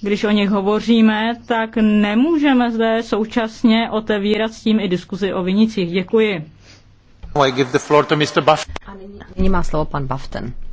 když o nich hovoříme, tak nemůžeme zde současně otevírat s tím i diskuzi o vinicích. Děkuji. Nyní má slovo pan Baften.